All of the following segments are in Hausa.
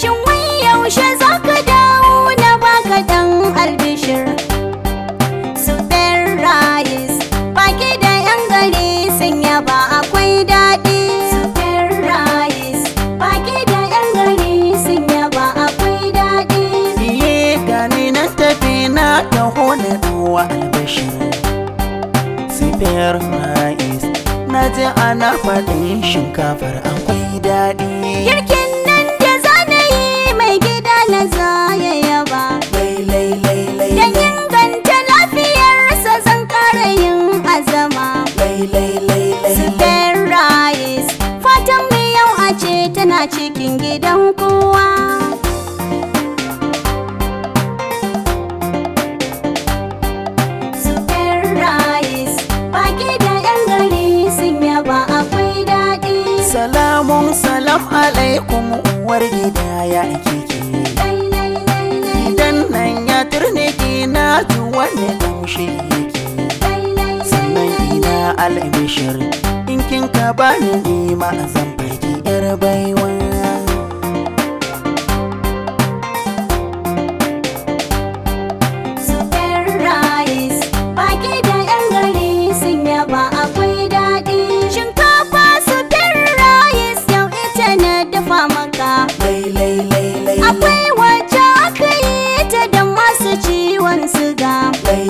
shin wai yaushe za ka dawo na baka dan albishir su rise baki da yan gari sun yaba akwai daɗi su rise baki da yan gari sun yaba akwai daɗi iye gani na tafi na taho na dawa albishir su rise na ji ana faɗin shinkafar akwai daɗi gidan kowa Salamun salam alaikum uwar gida ya kike Idan nan ya turne ki na ji wani kamshi yake Sannan ina albishir in kin ka bani ni ma zan baki yar baiwa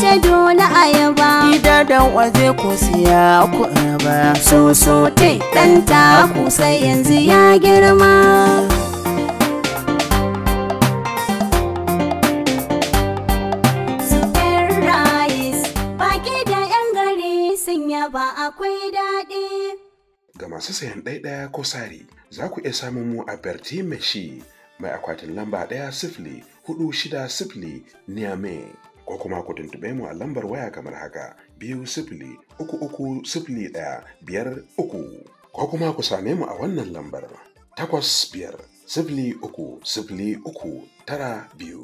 ce dole ayaba gida da waje ku siya ku ba so so tai dan ta ku sai yanzu ya girma akwai daɗi. Ga masu sayan ɗaiɗaya ko sari, za ku iya samun mu a Berti Meshi mai akwatin lamba ɗaya sifili hudu shida sifili Niamey. ko kuma ku tuntuɓe mu a lambar waya kamar haka biyu sifili uku uku sifili ɗaya biyar uku ko kuma ku same mu a wannan lambar takwas biyar sifili uku sifili uku tara biyu.